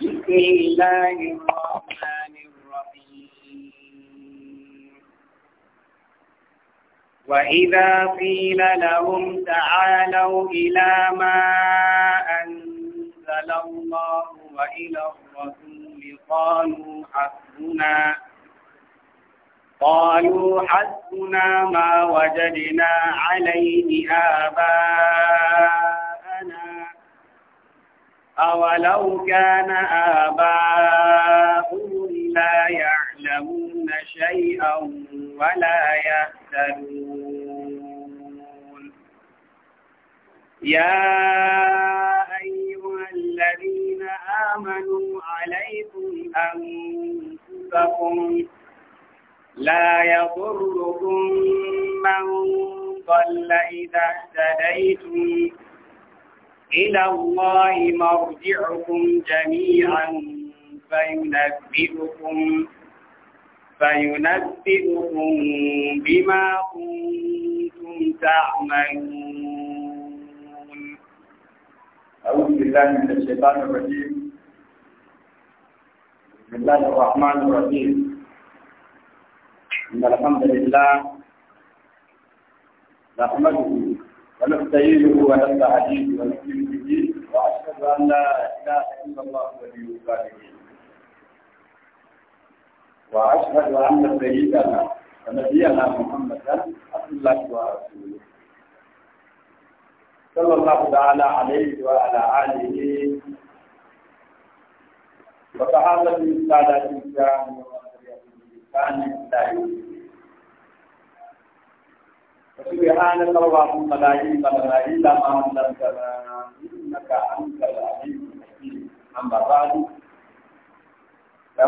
بسم الله الرحمن الرحيم وإذا قيل لهم تعالوا إلى ما أنزل الله وإلى الرسول قالوا حسبنا قالوا حسبنا ما وجدنا عليه آباءنا أولو كان آباؤهم لا يعلمون شيئا ولا يهتدون يا أيها الذين آمنوا عليكم أنفسكم لا يضركم من ضل إذا اهتديتم إلى الله مرجعكم جميعا فينبئكم فينبئكم بما كنتم تعملون أعوذ بالله من الشيطان الرجيم بسم الله الرحمن الرحيم إن الحمد لله نحمده ونستعينه ونستعينه ونؤمن به واشهد ان لا اله الا الله ولي الصالحين واشهد ان سيدنا ونبينا محمدا عبد الله ورسوله صلى الله تعالى عليه وعلى اله وصحابه من سادات الاسلام ومن تبعهم باحسان الى يوم الدين سبحانك اللهم لا علم لنا إلا ما علمتنا إنك أنت العليم الحكيم gabatar da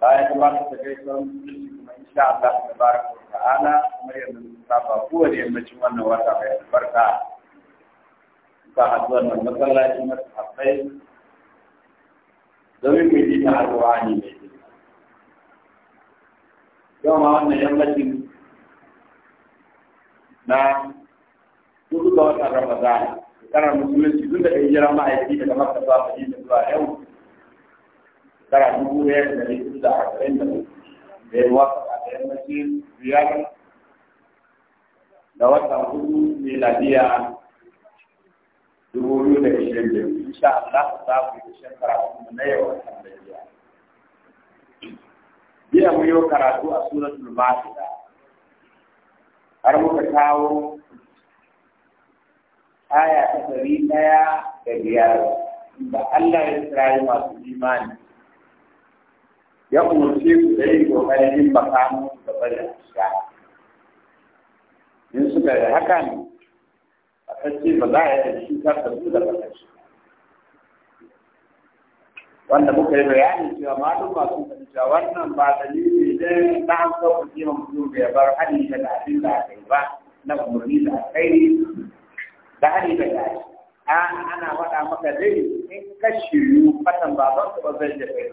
gaisuwar musulunci kuma insha Allah ta wa ta'ala kamar yadda muka saba kowane yammacin wannan wata mai a masallaci domin mu yi ta alwani mai yau ma wannan yammacin na hudu ga watan Ramadan shekarar musulunci tun daga hijira ma'aiki daga Makka zuwa Madina zuwa yau shekara dubu ɗaya da ɗari hudu da arba'in da hudu wasa a yammacin biyar da watan hudu miladiya dubu biyu da ishirin da biyu insha Allah za ku yi shekara na yau a kan jiya mun yi karatu a sunan masida har muka kawo aya ta ɗari ɗaya da biyar da Allah ya yi masu imani ya umarce ku da yin ƙoƙarin yin makamu da barin shiga in suka yi hakan a kan ce ba za a yi cutar da su da barin wanda muka yi bayani cewa malum ba sun san cewa wannan ba dalili ne na an so ku ji mutum da ya bar hali da abin da aka yi ba na umarni da aka yi da hali da ya yi a ana faɗa maka dai in ka shiru fatan baban ka ba zai je kai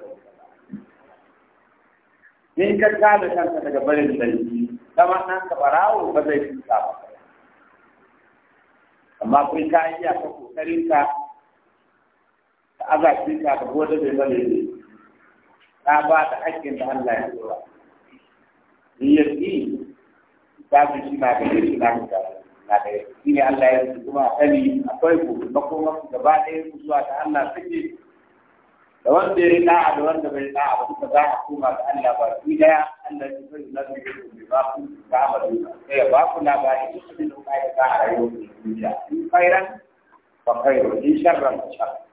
in ka kada kanka daga barin dalili kama nan ka barawo ba zai tuka ba amma kai ka yi a kokarin ka ka aza shi ka ka gode da ni. Ta ba ta hakkin da Allah ya tsora ni yaki ba su shi na ci shi na ka na da Ni ne Allah ya tsora kuma sani akwai ku makoma ba ɗaya ku zuwa ta Allah take da wanda ya da'a da wanda bai da'a ba ka za a koma ga Allah ba shi daya Allah ya sani na zai yi ba ku ta amadu sai ba ku labari duk abin da kuka yi ta a rayuwar duniya in khairan fa khairu in sharran sharran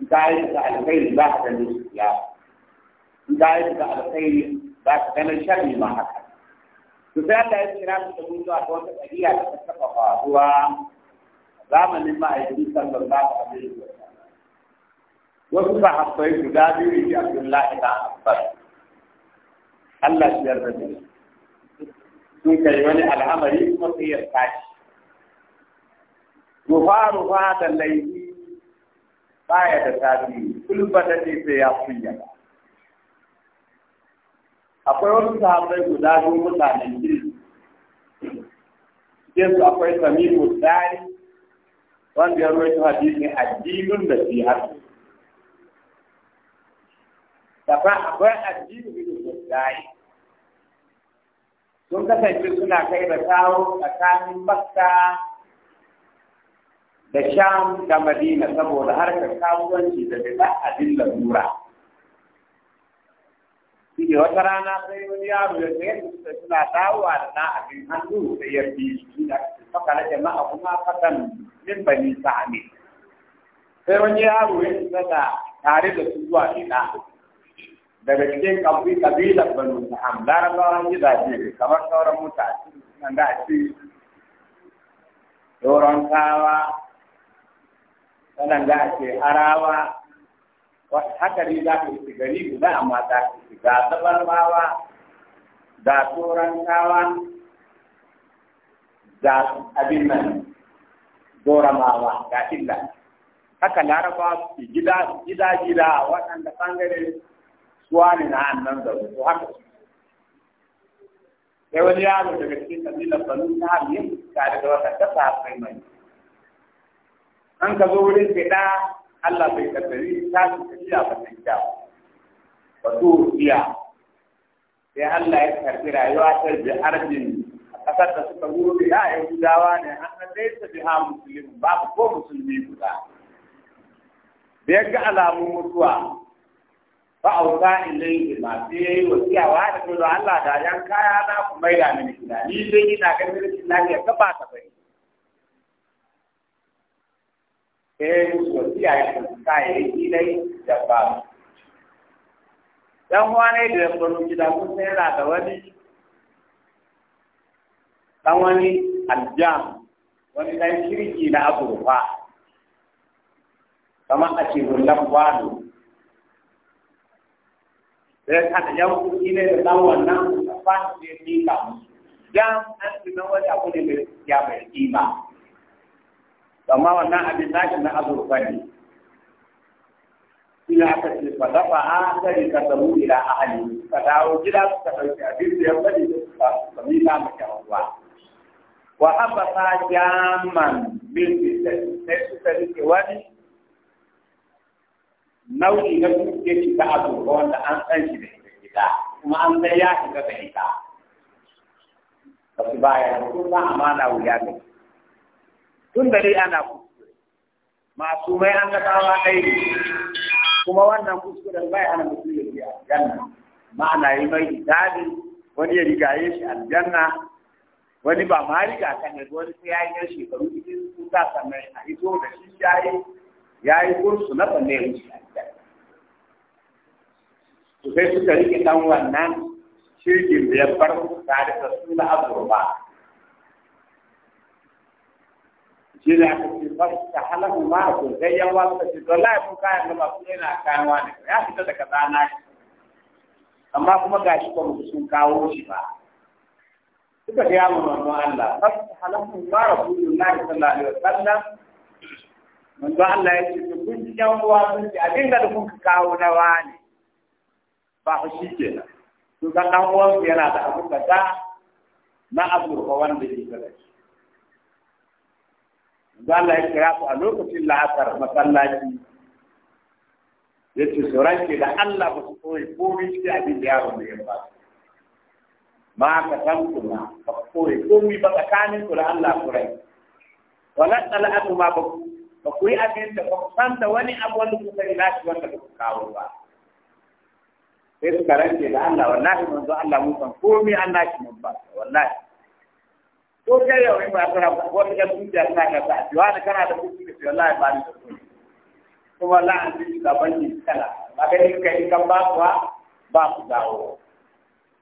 داعي على الخير بحث الاستياء داعي على الخير بحث من الشر ما حصل فسأل الله تقول له أقوات الأدية تتفقها هو زمن مما يجري صلى الله عليه وسلم وصف حقه جدابي في عبد الله بن عباس الله يرضى sun kai wani al'amari kuma sai ya tashi baya da tasiri kulba ne ce sai ya kunya akwai wasu sahabbai guda biyu mutanen kirki cikin akwai sami dari wanda ya rawaito hadisi addinin da fi hasu dafa akwai addinin da dari sun kasance suna kai da kawo tsakanin makka da sham da madina saboda harkar kasuwanci da da abin lalura shi ne wata rana sai wani yaro ya sayar da suka suna dawowa da na abin hannu da ya fi shi da faka na jama'a kuma fakan min bani saani. sai wani yaro ya isa da tare da su zuwa ina daga cikin kabri kabilar banu sa'am larabawan gidaje kamar sauran mutane suna da a ce kawa sannan za a ce arawa haka ne za ka yi gari guda amma za ka yi ga zabarmawa ga turankawa ga abin nan doramawa ga illa haka laraba su gida gida gida waɗanda ɓangare suwa ne na annan da su haka su sai wani yaro daga cikin kabilar banu na hamiyin tare da wata kasa mai mai an ka zo wurin da Allah bai kaddari ta su tafiya ba ta kyau ba su biya sai Allah ya karbi rayuwa ta bi arjin a kasar da suka gobe ya gudawa ne an na dai ta ha musulmi babu ko musulmi guda da ya ga alamun mutuwa ba a wuta ilai ma sai ya yi wa da kuma Allah da yan kaya na kuma yi da mini gida ni dai ina ganin rashin lafiya ta ba ta bai sai musu wasiya ya kusa kayayyaki dai da ba dan uwa ne da yabbaru gida kun sai yana da wani dan wani aljam wani dan shirki na azurfa kamar a ce hullan kwano sai ka da yan kuɗi ne da dan wannan da fasa zai fika musu jam an tunan wani abu ne mai mai kima amma wannan abin nashi na azurfa ne ila aka ce fa dafa a sai ka samu ila ahli ka dawo gida ka dauki abin da ya bari da ka sami la maka Allah wa habata jaman bil bisati sai su tarike wani nau'i na kuke ci ta azurfa wanda an san shi da ita kuma an san ya shiga da ita su baya ko ba amana wuya ne tun da dai ana kuskure masu mai an ga tsawa ɗaya ne kuma wannan kuskuren bai ana mutum ya biya aljanna ma'ana yi mai hisabi wani ya rigaye shi aljanna wani ba ma riga kan ne wani sai ya yi shekaru cikin su ta sannan a hito da shi ya yi, kursu na sanne ya wuce aljanna to sai suka rike dan wannan shirkin da ya farko tare da suna azurba shi da aka ba ta halahu ma a kurkai yan ta ka ce wallahi mun kayan da ba kuma yana kayan wani ya da daga tsana shi amma kuma ga shi ba sun kawo shi ba suka ga mu manzo Allah ba ta halahu ma rasulullahi sallallahu alaihi mun manzo Allah ya ce kun ji yan uwa sun ce abin da kun kawo na wani ba ku shi kenan to kan dan uwan yana da abin da na abu wanda yake da shi za Allah ya kira ku a lokacin la'asar masallaci ya ce sauran ke da Allah ba su koyi komai shi abin da yaro mai ba ma ka san kuma ba koyi komi ba tsakanin ku da Allah ku rai wala tsala'atu ma ba ba ku yi abin da ba ku san da wani abu wanda kusa yi lashi wanda ba ku kawo ba sai su karanke da Allah wallahi manzo Allah mun san komai an nashi mun ba wallahi ko kai yau in ba ka rabu ko ta dukiya na ka ta jiwa da kana da kuɗi da wallahi ba ni kuma la an ji da banki kala ba ka yi kai kan ba kuwa ba ku dawo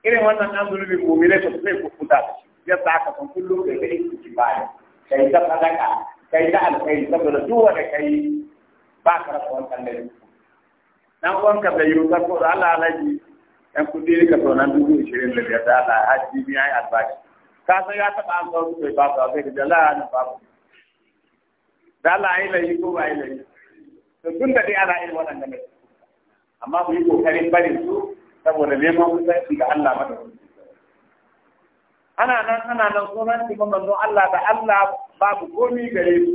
irin wannan an zuru bi mu'mine to sai ku kuta da shi yadda san kullum da kai ku ci baya kai ta sadaka kai ta alkai saboda duk wanda kai ba ka rabu wannan da dan uwan ka da yi ka ko Allah alaji yan kudi ka to nan dubu 25 da Allah hajji biya albashi ka san ya taɓa an zaune bai babu a kai da la'a na babu da Allah ya yi ko ba ya yi to tun da dai ana irin waɗannan ne amma ku yi kokarin barin su saboda neman kusanci ga Allah mata ana nan ana nan sunan su cikin manzon Allah da Allah babu komi gare su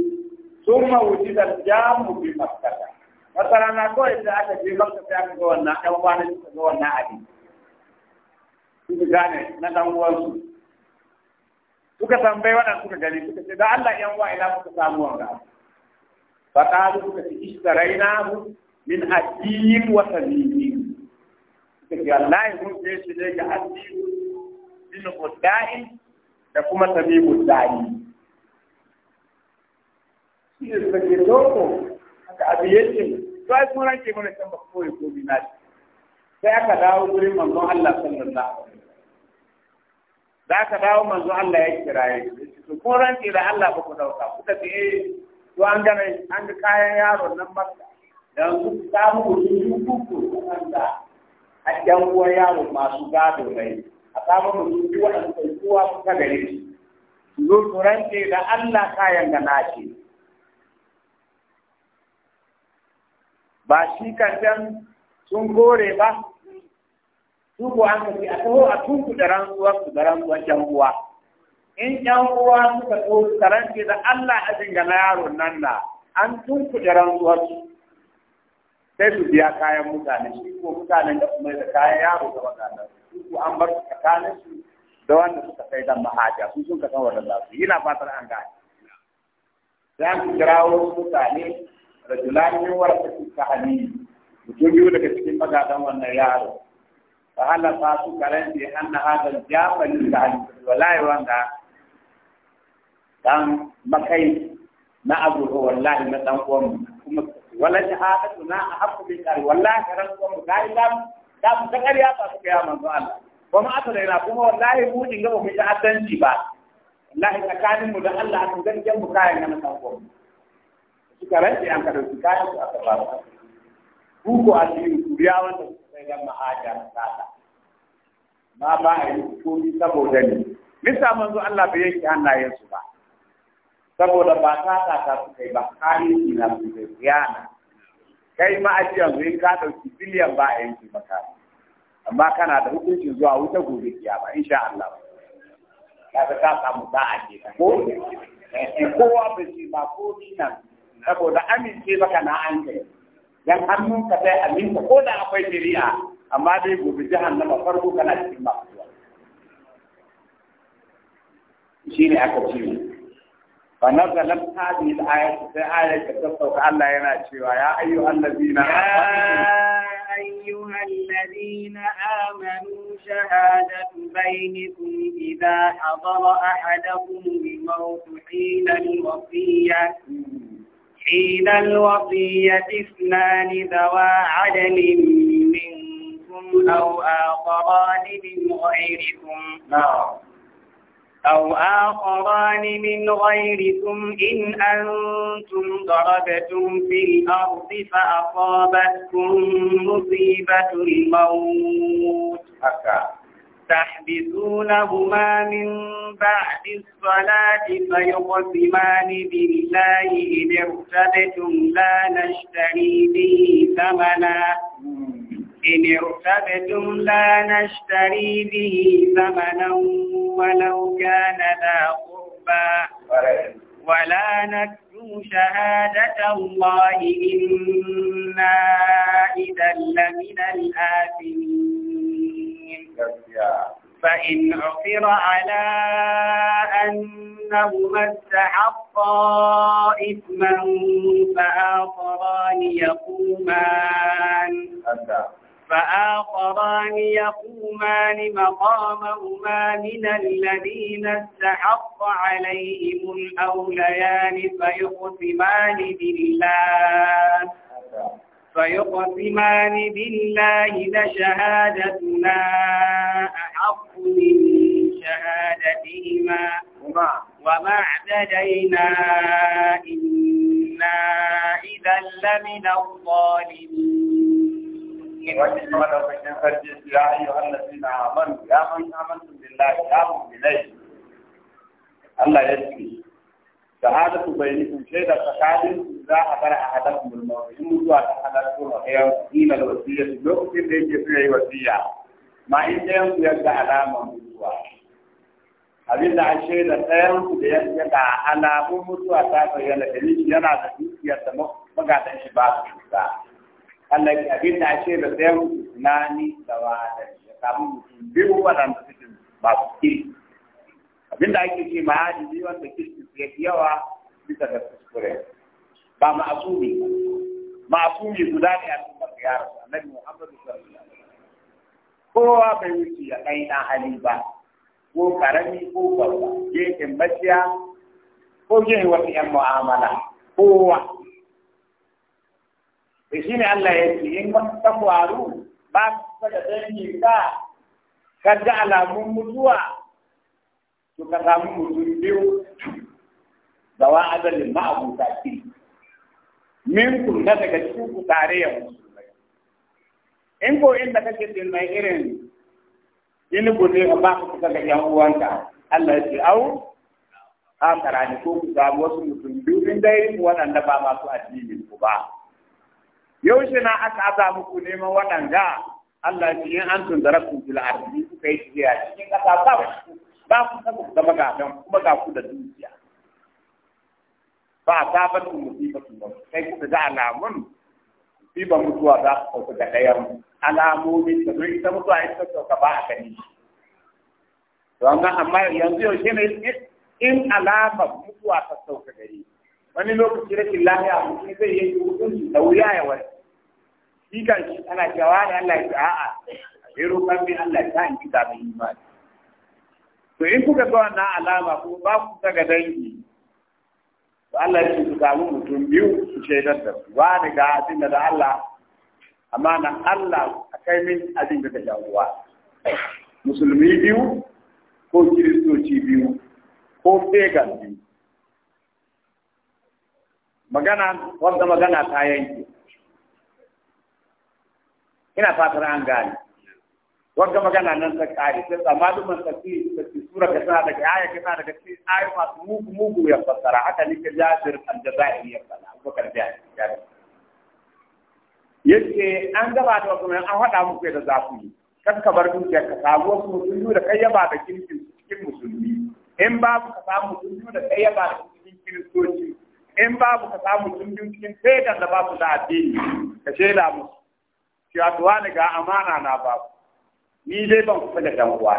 sun mawuci da jamu bi maskata masana na kawai da aka je gamsa sai aka ga wannan ɗan kwanan suka ga wannan abin suka gane na ɗan uwansu suka tambayi waɗanda suka gani suka ce da Allah yan wa ila muka samu wanga fa qalu suka ce ishtarainahu min adin wa sabiyin suka ce Allah mun ce shi ne ga adin din qudai da kuma sabiyin dai shi suka ce to haka abi yake to ai sun rake mana kan ba koyi ko bi sai aka dawo gurin manzon Allah sallallahu alaihi wasallam za ka dawo manzo Allah ya kira ya ce ko ranci da Allah ba ku dauka ta ce eh, to an gane an ga kayan yaron nan maka dan ku mu ku ku ku ku da a dan uwa yaro masu gado rai. a ta mu duk wanda kai ku ka gare shi zo ku ranci da Allah kayan na nace ba shi kan sun gore ba tuku an kace a taho a tunku da rantsuwa su da rantsuwan can uwa in yan uwa suka so su karance da Allah a dingana yaron nan na an tunku da rantsuwar su sai su biya kayan mutane shi ko mutanen da kuma da kayan yaro da mutanen tuku an bar su tsakanin su da wanda suka kai dan mahaja su sun ka san wanda za su yana fatar an gane za ku kirawo mutane rajulani min warasatu kahani mutum biyu daga cikin magadan wannan yaro فهلقا سكرن بأن هذا الجاف للعلم والله وانا كان مكي ما أبوه والله ما تنقوم ولا شهادتنا أحق بالقري والله كرنكم قائلا da su ta ƙarya ba su kaya manzo Allah ba ma aka daina kuma wallahi mu din ga mu ji ba wallahi tsakanin mu da Allah aka gangan mu kayan nan kan ko suka rantsi an ka dauki kayan su aka ba ku ko asiri ku wanda sai ga ma'ajar sata ma ba a yi komi saboda ni bisa manzo Allah bai yanke hannayensu ba saboda ba sata ta su kai ba kari na su kai ma kai ma'ajiyar in ka ɗauki biliyan ba a yanke maka amma kana da hukuncin zuwa wuta gobe kiyama insha Allah kaga ka samu ba a ke ko eh, kowa bai ce ba ko nan saboda amince maka na an kai dan hannun ka sai aminta ko da akwai shari'a amma dai gobe jahannama farko kana cikin makuwa shi ne aka ce fa nazalat hadhihi al-ayat sai ayat ta sauka Allah yana cewa ya ayyuhal ladina أيها الذين آمنوا شهادة بينكم إذا حضر أحدكم الموت حين الوصية حين الوصية اثنان ذوى عدل منكم أو آخران من غيركم نعم. أو آخران من غيركم إن أنتم ضربتم في الأرض فأصابتكم مصيبة الموت تحبسونهما من بعد الصلاة فيقسمان بالله إن ارتبتم لا نشتري به ثمنا إن ارتبتم لا نشتري به ثمنا ولو كان ذا قربى ولا نكتم شهادة الله إنا إذا لمن الآثمين عليهم فإن عثر على أنهما استحقا إثما فآخران يقومان فآخران يقومان مقامهما من الذين استحق عليهم الأوليان فيقسمان بالله فيقسمان بالله لشهادتنا أحق من شهادتهما وما اعتدينا إنا إذا لمن الظالمين يا أيها الذين آمنوا يا من آمنتم بالله يا مؤمنين الله يسلمك شهادة بينكم شهادة تقابل إذا حضر أحدكم الموت إن مدوا تحدثكم أخيرا حين الوصية لوقت ليس فيه وصية ما إن يوم يبدا علامة مدوا abin da an shaida ɗayan da ya ga da alamun mutuwa ta bayyana gare shi yana da dukiyar da magadan shi ba su cuta Allah ya abin da an shaida ɗayan da wada ya samu biyu ake ma yawa bisa da kuskure ba ma'asumi ma'asumi guda ne a cikin yaro annabi Muhammadu sallallahu alaihi kowa bai wuce ya kai na hali ba ko karami ko babba gefen maciya ko gefen wata yan mu'amala kowa da shi ne Allah ya ce in ta faru ba ka da dangi ka ka ga alamun mutuwa to ka samu mutum biyu zawa adalin ma'abuta min minkum na daga cikin ku tarayyar musulmai in ko inda kake din mai irin in ku ne ba ku kusa ga yan uwanka Allah ya ce au akara karani ko ku ga wasu mutum biyu in dai waɗanda ba masu addinin ku ba yaushe na aka aza muku neman waɗanda Allah ya ce in an tun zarafin fil ardi kuka yi tafiya cikin ƙasa ba ku ba ku saba ku zama kuma ga ku da dukiya fa asabat musibatu maut sai kuka ga alamun musibar mutuwa za a kauka ga ɗayan alamomin da zai ita mutuwa ta sauka ba a gani don amma yanzu yaushe ne in alamar mutuwa ta sauka gari wani lokaci da lafiya mutum zai yi hutun da wuya ya wani shi kan shi ana cewa ne Allah ya a'a a bero kan bi Allah ta in kita mai imani to in kuka ga wannan alama ko ba ku daga dangi Allah ya su samu mutum biyu su shaidar da su wani ga abin da Allah amma na Allah a kai min abin da ta musulmi biyu ko kiristoci biyu ko pagan biyu magana wanda magana ta yanke ina fatar an gane wanda magana nan ta kare sai tsamalin tafsiri da ke sura ka tana daga aya ka tana daga cikin ayoyi masu mugu mugu ya fassara haka ne ka jazir al-jazairi ya fassara abubakar Ya ce an gaba da wasu an haɗa muku da zafi kan ka bar dukiyar ka samu wasu musulmi da kai yaba da kirkin cikin musulmi in babu ka samu musulmi da kai yaba da cikin kiristoci in babu ka samu musulmi cikin sai da babu da addini ka shaida musu cewa tuwa ne ga amana na babu ni dai ban kusa da dan uwa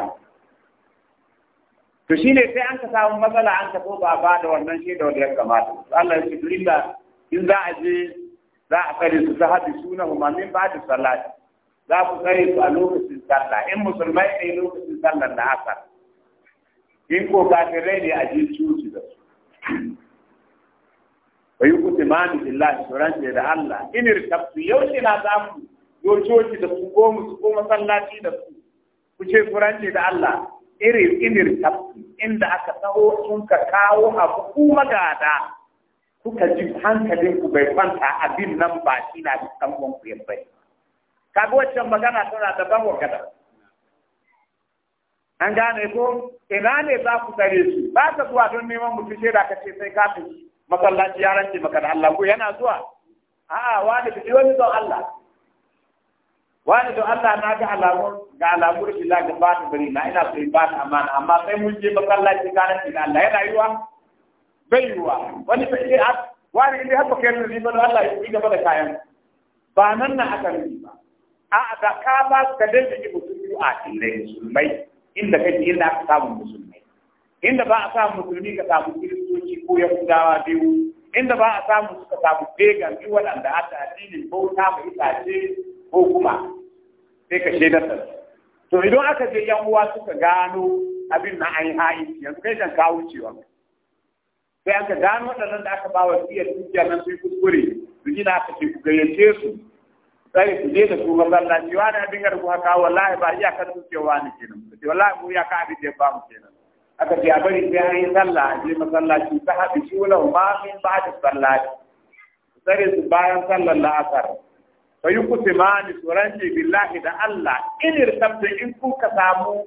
to shine sai an ka samu matsala an ka ko ba ba da wannan da wanda ya kamata Allah ya ce in za a je za a kare su ta hadu suna huma min ba da salati za ku kare su a lokacin sallah in musulmai ne lokacin sallah da asar in ko kafirai ne a je cuci da su wa yi kuti mani billahi ce da Allah in irtabtu yau ce na za mu yo coci da su ko musu ko masallaci da su ku ce furanci da Allah iri inir inda aka taho sun ka kawo abu ku magada kuka ji hankalin ku bai kwanta abin nan ba shi na kan ku bai bi waccan magana tana da ban wakata an gane ko ina ne za ku tare su ba ka zuwa don neman mutum shaida ka ce sai kafin masallaci ya maka da Allah ko yana zuwa a'a wani fiti wani don Allah wani to Allah na ga alamu. ga alamun shi la ga bani bari na ina sai ba ta amana amma sai mun je masallaci kana shi ah, da Allah ya rayuwa bai ruwa. wani sai ya wani ile haka kai ne ba Allah ya yi gaba da kayan ba nan na aka yi ba a da ka ba ka da ji musulmi a cikin musulmai inda kake inda ka samu musulmai inda ba a samu musulmi ka samu kiristoci ko yahudawa biyu inda ba a samu suka samu pagan duk waɗanda a addinin bauta mai itace ko kuma sai ka shaidar da to idan aka je yan uwa suka gano abin na an ha'i yanzu kai kan kawo cewa sai aka gano waɗannan da aka ba wa siyar dukiya nan sun kuskure su gina aka ce ku gayyace su sai su je da su masallaci wani abin garku haka wallahi ba iya kan su cewa ni kenan ku ce wallahi mu ya ka abin da ba mu kenan aka ce a bari sai an yi sallah a je masallaci ta haɗu shi wula ba min ba da sallaci sai su bayan sallar la'asar bayu yi ni su rance billahi da Allah in irtabta in kuka samu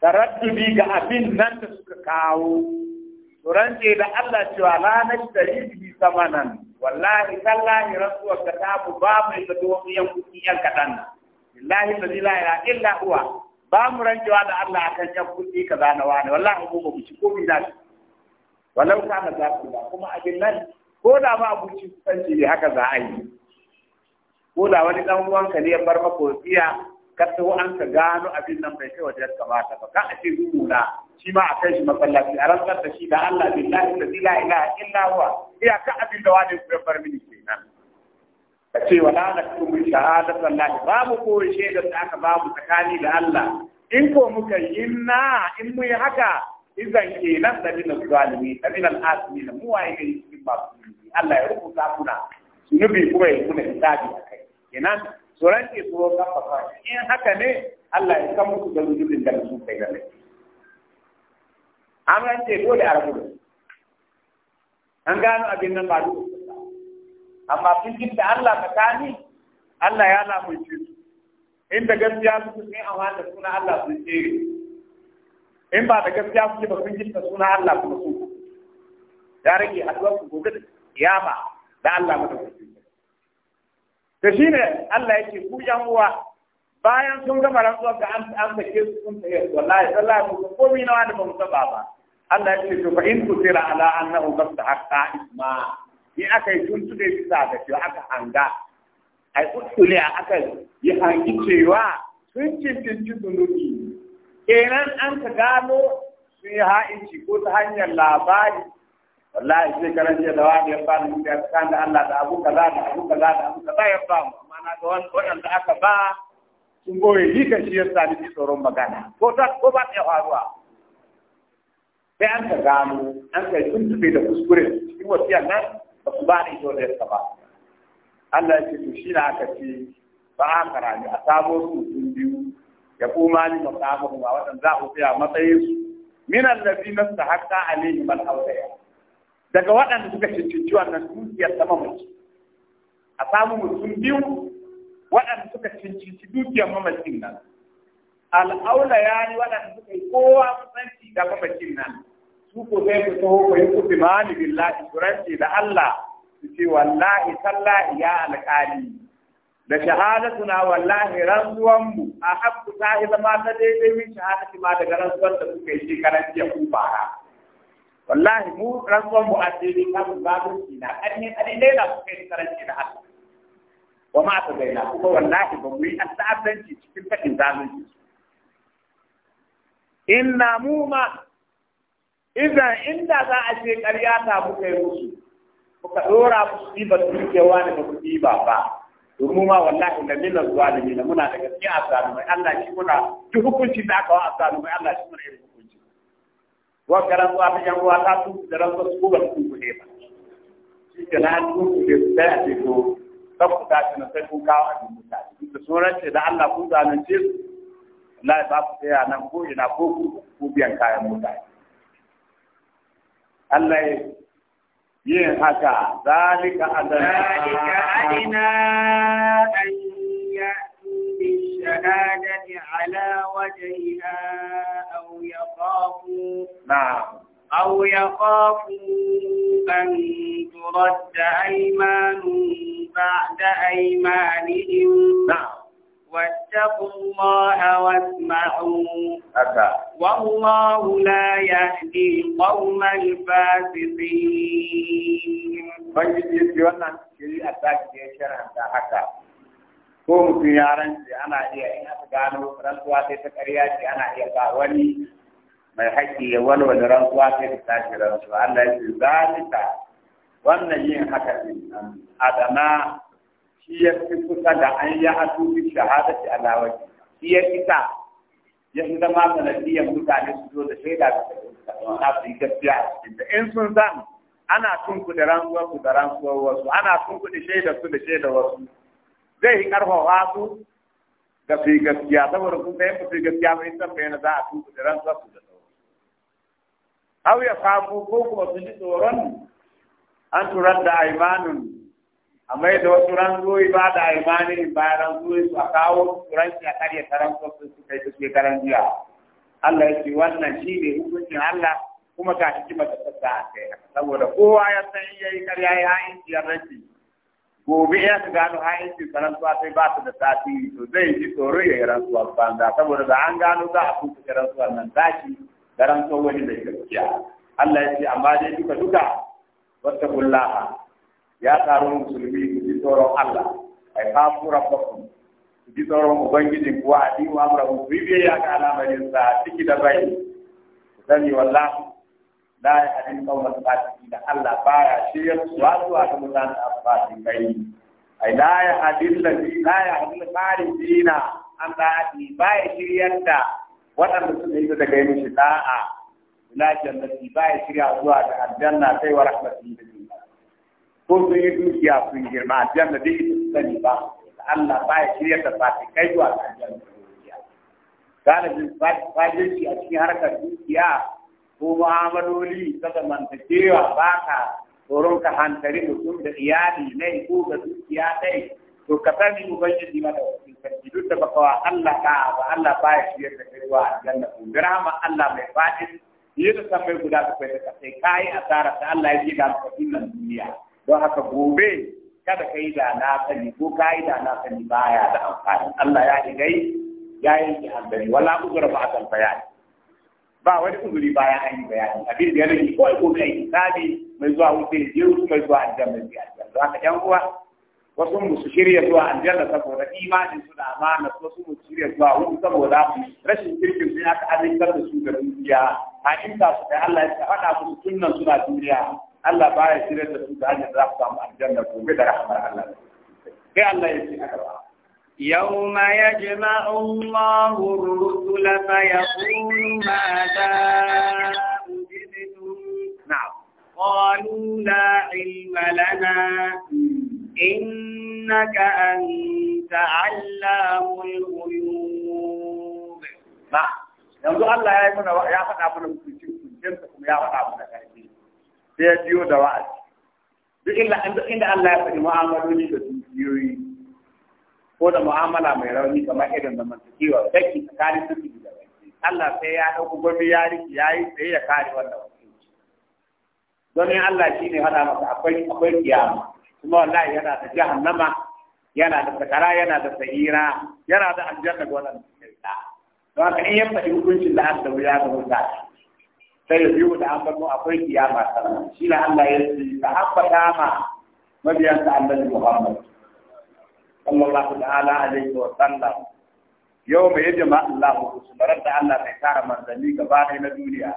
taraddudi ga abin nan da suka kawo su rance da Allah cewa ranar dari biyu sama nan wallahi tallahi rasuwar ka tabu ba mai ga domiyan kuɗi yan kaɗan billahi da zila ya illa uwa ba mu rancewa da Allah akan yan kuɗi ka zana wani wallahi mu ba mu ci komai da shi walau kana za ku ba kuma abin nan ko da ba abuci kusanci ne haka za a yi ko da wani dan uwanka ne ya bar maka wasiya ka taho an ka gano abin nan bai kai ya kamata ba ka a ce na shi ma a kai shi masallaci a rantsar da shi da Allah billahi da la ilaha illa huwa iya ka abin da wani ya bar mini kenan ka ce wala naktumu shahadatan lahi babu ko shaidar da aka babu tsakani da Allah in ko muka yi na in mu yi haka izan kenan da min zalimi da min al da mu waye yi cikin babu Allah ya rubuta kuna sunubi kuma ya kuna hisabi akai kenan su rantse su roƙa in haka ne Allah ya san musu da rujubin da su kai da laifi an rantse dole a rabu an gano abin nan ba duk amma ji da Allah tsakani Allah ya ciki In da gaskiya su sun a wanda suna Allah sun ce in ba da gaskiya su ba ji da suna Allah kuma su ya rage haduwar ku gobe ya ba da Allah madaukakin shi ne Allah yake ku yan uwa bayan sun gama rantsuwa ga an an sake su sun tafi wallahi sallah ku komai na wani ba mu saba ba Allah yake to fa in kutira ala annahu qad haqa isma yi aka yi tun tude bisa ga cewa aka hanga ai kuskure aka yi hangi cewa sun cin cincinci zunubi kenan an ka gano sun yi ha'inci ko ta hanyar labari wallahi sai karan da wani ya fara mu da kan da Allah da abu kaza da abu kaza da abu kaza ya fara amma na ga wannan da aka ba sun goye ni ka shi yasa ni tsoron magana ko ta ko ba ta faruwa sai an ka gano an kai sun tube da kuskure cikin wasiyar nan ba su ba ni to da yasa ba Allah ya ce to shi na aka ce ba a karami a samo su mutum biyu ya kuma ni makamu ba waɗanda za ku fiya matsayin su minan nabi na su haƙƙa alaihim al-awliya daga waɗanda suka cancanci wannan dukiyar sama mace a samu mutum biyu waɗanda suka cancanci dukiyar mamacin nan al'aula ya yi waɗanda suka yi kowa kusanci da mamacin nan su ko zai ku taho ko yi kufi ma ni billahi turanci da Allah su ce wallahi sallahi ya alƙali da shahadatuna wallahi rantsuwanmu a haƙƙu ta zama na daidai min shahadati ma daga ranzuwan da suka yi shekaran jiya ku bara. wallahi mu rantsuwan mu addini kamun babu na ƙarni ƙarni ne na kuka yi karanci da haka wa ma ta gaina kuma wallahi ba mu yi ta'addanci cikin faɗin zalunci inna mu ma idan inda za a ce ƙarya ta muka kai musu ku ɗora musu ɗiba ke wani ba ɗiba ba domin ma wallahi da mina zuwa da mina muna da gaskiya a Mai Allah shi muna duk hukunci da aka wa a mai Allah shi muna irin wa karan a ta yan wa ta tu da ran su ba su ku ne na ku ku da ta ta ku sai ku kawo a ta da sunan Allah ku da nan ce Allah ba saya nan ko ina ku kayan mutane Allah ya yin haka الشهادة على وجهها أو يخافوا نعم أو يخافوا أن ترد أيمان بعد أيمانهم نعم واتقوا الله واسمعوا والله لا يهدي القوم الفاسقين. طيب ko mutum ya rance ana iya in aka gano rantsuwa sai ta ƙarya ce ana iya ba wani mai haƙƙi ya walwala rantsuwa sai ta tashi rantsuwa Allah ya ce zalika wannan yin haka din adana shi ya fi kusa da an ya hatu bi shahada ala waji shi ya fita ya fi zama sanadiyyar mutane su zo da shaida da su yi gaskiya a cikin ta in sun zan ana tunkuɗe rantsuwar su da rantsuwar wasu ana tunkuɗe shaidar su da shaidar wasu zai yi karfafa su ga gaskiya saboda kun ku su gaskiya mai san bayyana za a tuku da ran su da sauran hau ya famu ko kuma su ji tsoron an turar da aimanun a mai da wasu ranzoyi ba da aimanin bayan su a kawo turanci a karya taron kwafin su kai su karan jiya Allah ya ce wannan shi ne hukuncin Allah kuma ga shi kima da sassa a kai saboda kowa ya san iya yi karya ya yi ya rashi gobe ya ka gano hayancin karantuwa sai ba su da sati. to zai ji tsoro ya yi rantsuwa banza saboda da an gano za a kuka rantsuwa nan tashi da rantsuwa wani da gaskiya Allah ya ce amma dai duka duka kullaha ya taro musulmi ku ji tsoron Allah yi kafu rabbakum ku ji tsoron ubangiji ku wa adimu amrahu ku biyayya ga alamarin sa ciki da bai sani wallahi a din kawo kawar fasiki da Allah baya shiryar suwa zuwa ga mutanen abbasin bai ai la ya hadin lafi la ya din farin dina an da'ati baya shiryar da waɗanda su ne daga yin shi da'a ila jannati baya shirya zuwa da aljanna sai wa rahmatin da jinna ko sun yi dukiya sun girma aljanna dai su sani ba Allah baya shirya da fasikai zuwa da aljanna. Galibin shi a cikin harkar dukiya ko mu'amaloli ta zamantakewa ba ka tsoron ka hankali mutum da iyali ne ko da dukiya dai? to ka sani ubangiji mana wasu sarki duk da baka wa Allah ka ba Allah ba ya shiyar da kai wa aljanna ko rahama Allah mai fadin yi da san mai guda kai da kai kai asara ta Allah ya ji da ka nan duniya don haka gobe kada ka yi da na sani ko yi da na sani baya da amfani Allah ya yi gai ya yi ki hankali wala uzura ba a kan bayani ba wani uzuri bayan an yi bayani abin da yanayi ko kawai ko kai hisabi mai zuwa wuce ne jiru kai zuwa aljanna mai aljanna za ka yan uwa wasu mu su shirya zuwa da saboda imanin su da amana wasu mu shirya zuwa wuce saboda rashin kirkin sun aka azikar da su da dukiya a inda su da Allah ya faɗa sunan su suna duniya Allah baya shirya da su da hanyar za su samu aljanna gobe da rahmar Allah sai Allah ya ce a gaba يوم يجمع الله الرسل فيقول ماذا أجبتم نعم قالوا لا علم لنا إنك أنت علام الغيوب نعم yanzu Allah ya yi ya faɗa mana hukuncin hukuncinsa kuma ya faɗa mana ƙarfi sai ya biyo da wa'azi duk inda Allah ya faɗi mu'amaloli da dukiyoyi ko da mu'amala mai rauni kamar irin zamantakewa daki tsakanin ciki da wanki Allah sai ya ɗauki gobe ya riki ya yi sai ya kare wannan wasu. don in Allah shi ne hada masa akwai akwai kiyama kuma wallahi yana da jahannama yana da sakara yana da sahira yana da aljanna ga wannan kirka don haka in ya faɗi hukuncin da aka ya ga wuta sai ya biyu da an farko akwai kiyama sannan shi ne Allah ya ce ka haɓɓa dama mabiyansa annabi Muhammad sallallahu ta'ala alaihi wa sallam yau mai jama'a Allah ku sumarar da Allah mai tara manzanni gaba ɗaya na duniya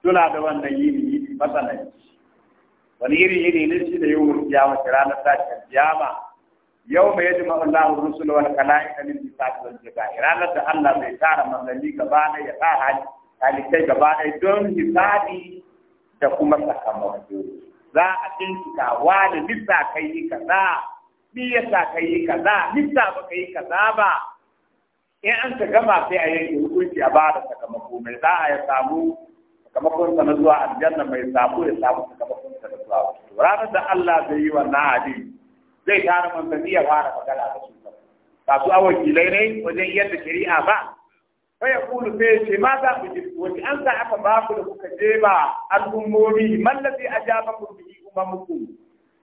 suna da wannan yini yini matsananci wani iri iri ne shi da yau kiyama ranar tashin kiyama yau mai jama'a Allah wani rusul wal kalaika min bisat wani jaba'i ranar da Allah mai tara manzanni gaba ɗaya ya sa halittai gaba ɗaya don hisabi da kuma sakamako za a bincika wani bisa kai ni kaza ni yasa ka yi kaza nisa ba ka yi kaza ba in an ta gama sai a yanke hukunci a bada sakamako mai za a ya samu sakamakon sa na zuwa aljanna mai sabo ya samu sakamakon sa na zuwa ranar da Allah zai yi wa abin zai tara manzanni ya fara magana da su ba su awon kilai ne wajen yadda shari'a ba fa ya kulu sai ce ma za ku ji wani an sa aka ba ku da kuka je ba al'ummomi mallafi ajaba ku bihi umamukum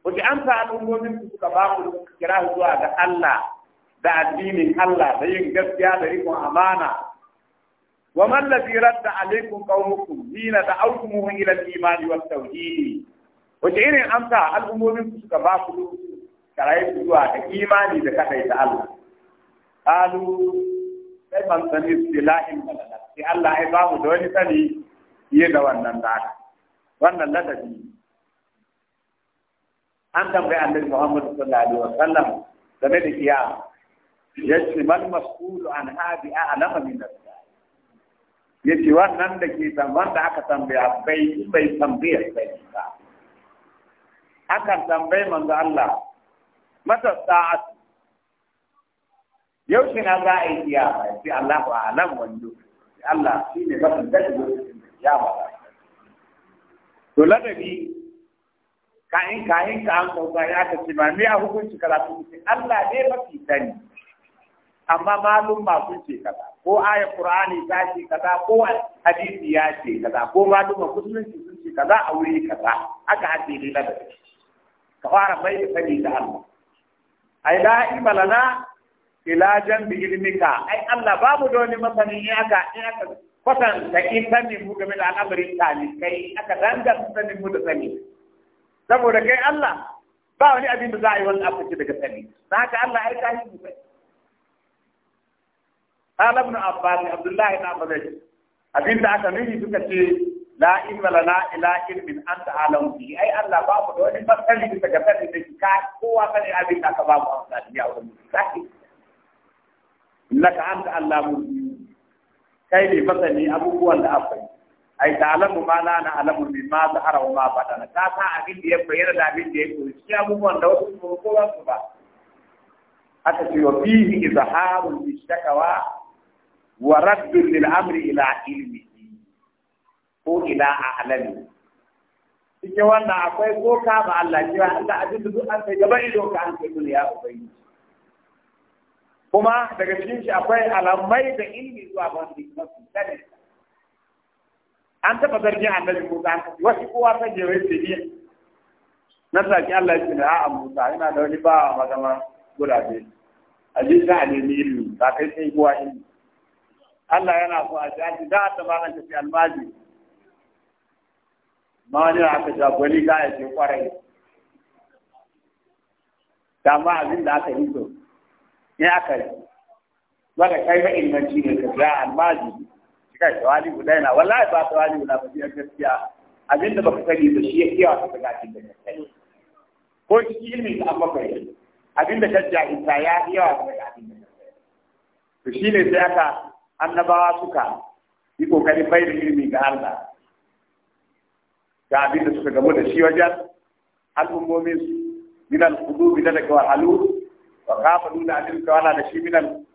wace amsa al'ummomin su suka ba mu kira zuwa ga Allah da addinin Allah da yin gaskiya da rikon amana wa man ladhi radda alaykum qawmukum da da'awtumuhu ila al-iman wa at-tauhid wace irin amsa al'ummomin su suka ba ku kira zuwa ga imani da kadai da Allah qalu sai man sani istilahin balala sai Allah ya ba mu da wani sani yi da wannan da wannan ladabi an tambayi annabi Muhammad sallallahu alaihi wasallam game da kiyama yace man mas'ulu an hadi a'lama min yace wannan da ke tamban da aka tambaya bai bai tambaya bai ba akan tambayi manzo Allah mata sa'at yau shi na za a yi kiyama sai Allah wa alam wando Allah shine ba da ya ba to ladabi Ka in ka an kauka ya ka ce ba me a hukunci karatu ce Allah ne mafi sani amma malum ma sun ce kaza ko aya qur'ani ta ce kaza ko hadisi ya ce kaza ko malum ce sun ce kaza a wuri kaza aka hadde ne da ka fara bai da sani da Allah ai da imalana lana ila jambi ilmika ai Allah babu da wani masani in aka in aka kwatanta in sanin mu game da al'amarin kai aka danganta sanin mu da sanin saboda kai Allah ba wani abin da za a yi wani abu daga sani da haka Allah ai kai mu sai Qala ibn Abbas Abdullahi na Abdullahi abin da aka nuni suka ce la ilma lana ila ilmin anta alamu bi ai Allah ba mu da wani fasali da ga sani da ka kowa sani abin da aka ba mu amfani ya wurin sai innaka anta allamu kai ne fasali abubuwan da aka ai ta'lamu ma la na'lamu ma zahara wa ma batana ta ta abin da ya bayyana da abin da ya ko shi abubuwan da wasu ko kowa su ba aka ce wa fihi izharun bishakawa wa raddu lil amri ila ilmi ko ila a'lami cikin wannan akwai ko ka ba Allah ji Allah abin da duk an sai gaba ido ka an sai duniya ubangiji kuma daga cikin shi akwai alamai da ilmi zuwa ban kuma sanin an taɓa zargin annabi ko ka wasu kowa san jewa yake yi na saki Allah ya ce na a'a Musa ina da wani ba magana gurabe a ji za a nemi ilimi ba kai sai kowa ilimi Allah yana so a ji aji da ta ba nan tafi almaji ma wani aka jagoli ka ya ce kwarai da ma abin da aka yi to ne aka yi ba kai ba ilmanci ne ka ga almaji ka tawali guda yana wallahi ba tawali guda ba biyar gaskiya abinda baka sani da shi yake kiyawa ka daga da kai ko ciki ilmin da amma kai abinda ka jahilta ya kiyawa ka daga cikin da kai to shine sai aka annabawa suka yi kokari bai da ilmi ga Allah ga abinda suka gamu da shi wajen al'ummomin su min al-qulub da daga wahalu wa kafalu da abin kawana da shi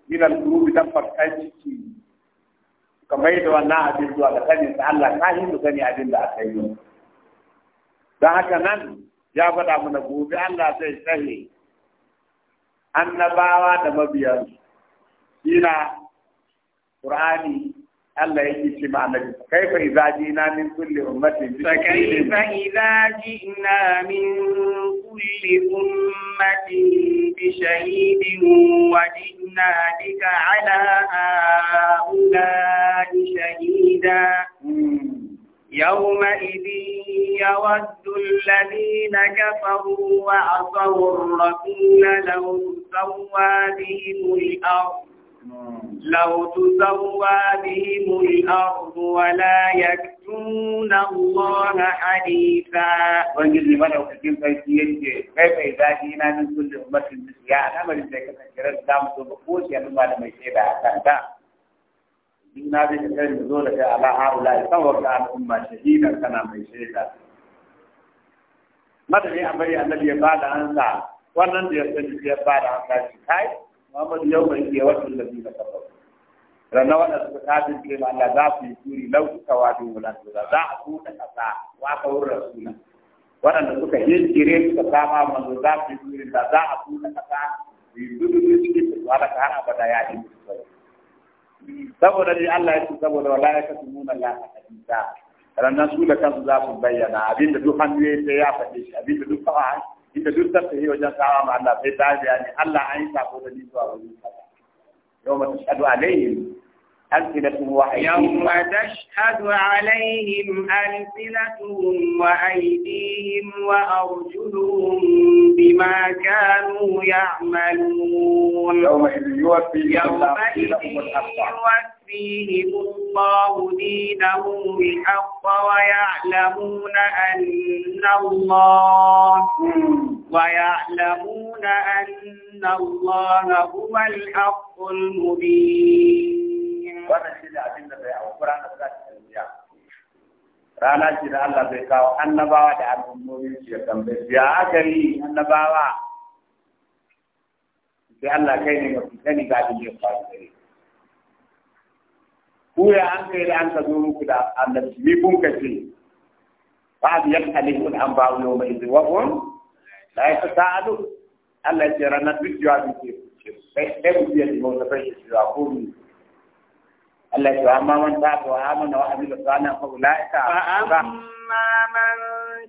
min al-qulub dan farkan ciki ka mai da wannan abin zuwa da sanin sa Allah ka yi su sani abin da aka yi haka nan ya faɗa mana gobe Allah zai tsare annabawa da mabiyan ina Qur'ani الله يجي معنا كيف إذا جئنا من كل أمة فكيف إذا جئنا من كل أمة بشهيد وجئنا بك على هؤلاء شهيدا يومئذ يود الذين كفروا وعصوا الرسول لو سوى بهم الأرض لو تسوى بهم الأرض ولا يكتون الله حديثا وانجل لمن أو كتير فيسيين كيف إذا جينا من كل أمة المسيا أنا ما لدي كتير كتير دام تبقوش يعني ما لما يشير أحسن جينا بكتير نزول على هؤلاء سوى على أمة شهيدا كان ما يشير ماذا يعمل النبي بعد أن wannan da ya sani sai ya fara an kashi kai Muhammadu yau mai ke wasu lafi na kafa. Rana waɗanda suka kafin ce ma Allah za su yi turi laukuka wajen wulan za a buɗe ƙasa wa ka wurin rasuna. Waɗanda suka yi kire suka kama manzo za su yi turi da za a buɗe ƙasa su yi dudu da suke su wala ka har abada ya yi musu Saboda ni Allah ya ce saboda wala ya kasu nuna ya ka hadisa. Ranar su da kansu za su bayyana abinda duk hannu ya ce ya faɗi shi abinda duk kawa ita duk ta tafi wajen kawo ma Allah sai ta biya ne Allah an yi sako da nisuwa wajen kaza yau mata shaɗu alaihim ألسنتهم وأيديهم يوم تشهد عليهم ألسنتهم وأيديهم وأرجلهم بما كانوا يعملون يومئذ يوفيهم الله يكفيهم الله دينهم الحق ويعلمون أن الله ويعلمون أن الله هو الحق المبين. rana ce da Allah zai kawo annabawa da al'ummomin su ya tambaye ya aka yi annabawa sai Allah kai ne mafi sani ga abin da ya faru gare koya an kai da an ka zo muku da annabi mi kun ka ce ba bi ya kalifu an ba yau mai zuwa kun la ya sa'alu Allah ya rana duk ya bi ke sai sai mu biya di mota sai shi ya ko ni Allah ya amma man ta to amana wa amila sana fa ulaika fa amma man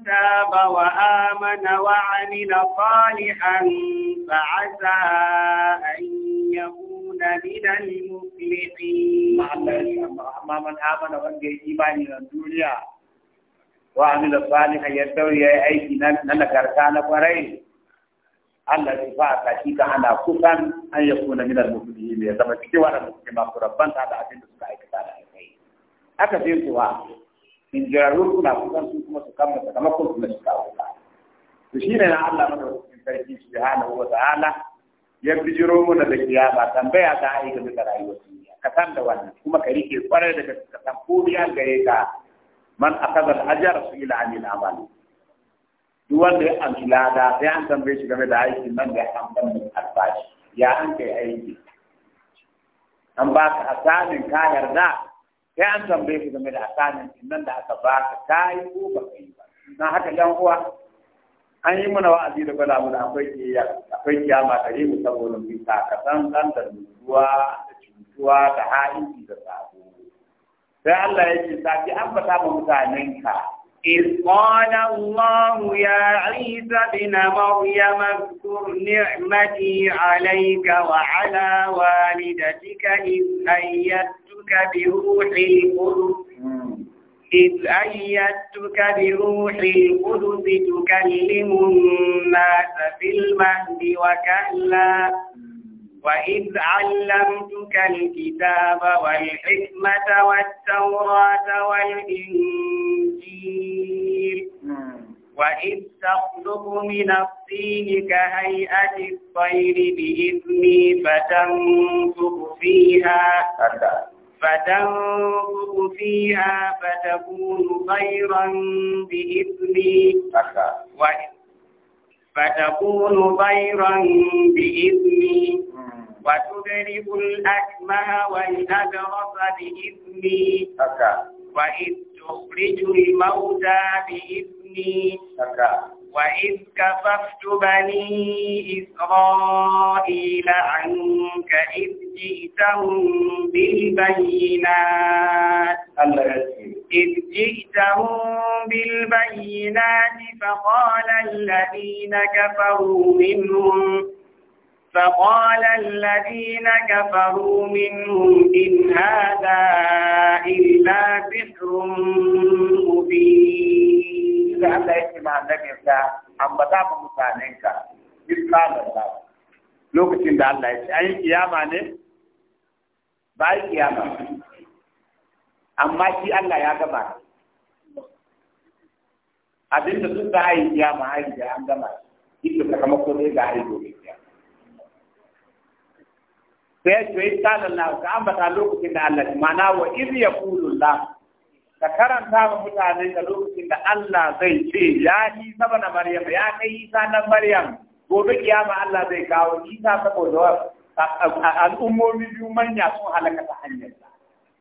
تاب وآمن وعمل صالحا فعسى أن يكون من المفلحين أما من آمن وأنجي إيماني من الدنيا وعمل صالحا aiki na nagarta na نقرين Allah zai fa a shi ka ana kusan an ya kuna minar musulmi ya zama cikin ma suke rabban ta da abin da suka aikata da alkai. Aka ce kuwa, in jirarru suna kusan su kuma su kama sakamakon su na shiga To shi ne na Allah madaukakin sarki subhanahu wa ta'ala ya bijiro mana da kiyama tambaya ta yi game da rayuwar duniya ka san da wannan kuma ka rike kwarai da ka san koriya gare ka man akaza al-ajr su ila anil amali duk wanda ya amshi lada sai an tambaye shi game da aikin nan da an ban albashi ya an kai aiki an ba ka asamin ka yarda sai an tambaye shi game da asamin nan da aka ba ka yi ko ba ka yi ba na haka yan uwa an yi mana wa'azi da gwada mana akwai kiyama gare mu saboda mu ta kasan dan da ruwa da cutuwa da ha'inci da sabo sai Allah yake saki ambata ma mutanen ka إذ قال الله يا عيسى بن مريم اذكر نعمتي عليك وعلى والدتك إذ أيدتك بروح القدس إذ أيدتك بروح القدس تكلم الناس في المهد وكلا وإذ علمتك الكتاب والحكمة والتوراة والإنجيل وإذ تخلق من الطين كهيئة الطير بإذني فتنفخ فيها فتنفق فيها فتكون خيرا بإذني فتكون خيرا بإذني وتدرك الأكمه والأبرص بإذني وإذ تخرج الموتى بإذني وإذ كففت بني إسرائيل عنك إذ جئتهم بالبينات إذ جئتهم بالبينات فقال الذين كفروا منهم فقال الذين كفروا منهم إن هذا إلا سحر مبين inda Allah yake ma annabinsa ambata ma mutanenka in kala Allah lokacin da Allah ya ce an yi kiyama ne ba yi kiyama amma shi Allah ya gama abinda sun da ayi kiyama ayi da an gama shi da sakamako ne ga ayi gobe kiyama sai ya ce kala Allah ka ambata lokacin da Allah mana wa iz yaqulu Allah ka karanta wa mutane da lokacin da Allah zai ce ya Isa bana Maryam ya kai Isa nan Maryam gobe kiyama Allah zai kawo Isa saboda al'ummomi biyu manya sun halaka ta hanyar